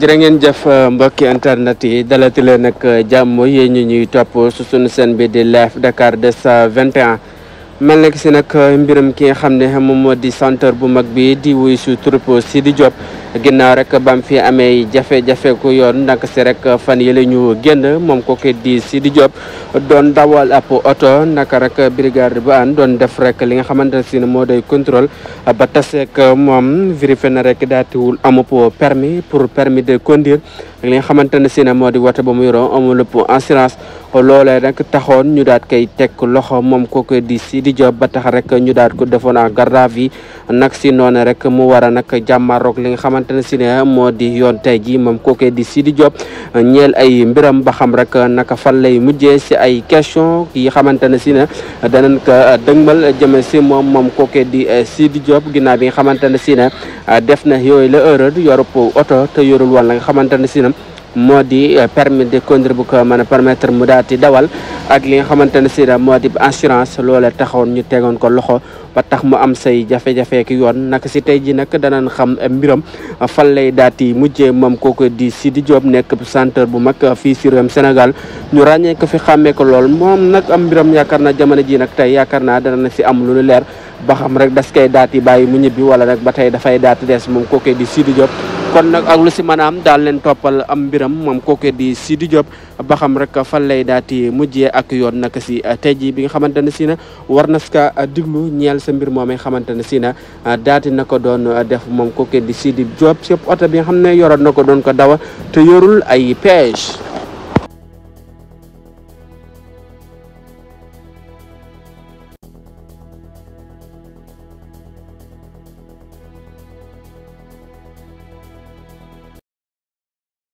jërë ngeen jëf euh, mbokki internet yi dalati leen nag euh, jàmm yéen ñu ñuy topp su sunu seen bi di live Dakar 221 mal nekk si nag eh, mbiram ki nga xam ne moom moo di centre bu mag bi di wuy su turub di Diop ginnaaw rek bam fi amee jafe-jafe ku yoon nag si rek fan yële ñu génn moom kooku di Sidi Diop doon dawal ab oto naka rek brigade bu an doon def rek li nga xamante ne si moo day contrôle ba taseek moom vérifié na rek daatiwul amub permis pour permis de conduire li nga xamante ne si moo di woto ba mu yoroo amul assurance loole rek taxoon ñu daat koy teg loxo moom kooku di Sidi Diop ba tax rek ñu daat ko defoon en garde à vue nag si noone rek mu war a nag jàmmaroog li nga xamante ne si ne moo di yoon tey ji moom kooku di Sidi Diop ñeel ay mbiram ba xam rek naka fan lay mujjee si ay question yi xamante ne si ne danañ ko dëgmal jëme si moom moom kooku di Sidi Diop ginnaaw bi nga xamante ne si ne def na yooyu la erreur yorub oto te yorul woon la nga xamante ne si na moo di euh, permis de contre bu ko mën a permettre mu daal di dawal ak li nga xamante ne si moo di assurance loolee taxawoon ñu tegoon ko loxo ba tax mu am say jafe-jafe ki yoon naka si tey ji nag danañ xam euh, mbiram euh, fan lay daal di mujjee moom kooku di Sidi Diop nekk centre bu mag fii si réewum Sénégal ñu ràññee ko fi xàmmee ko lool moom nag am mbiram yaakaar naa jamono ji nag tey yaakaar naa dana si am lu leer ba xam rek das koy daal di bàyyi mu ñibbi wala nag ba tey dafay daal des moom kooku di Sidi Diop. kon nag ak lu si mën a daal leen toppal am mbiram moom kooku di Sidi Diop ba xam rek fan lay daati mujjee ak yoon naka si uh, tey jii bi nga xamante ne si na war na ska uh, diglu ñeel sa mbir moomee xamante ne si na uh, daati na ko doon def moom kooku di Sidi Diop si oto bi nga xam ne yoroon na ko doon ko dawa te yorul ay pêche.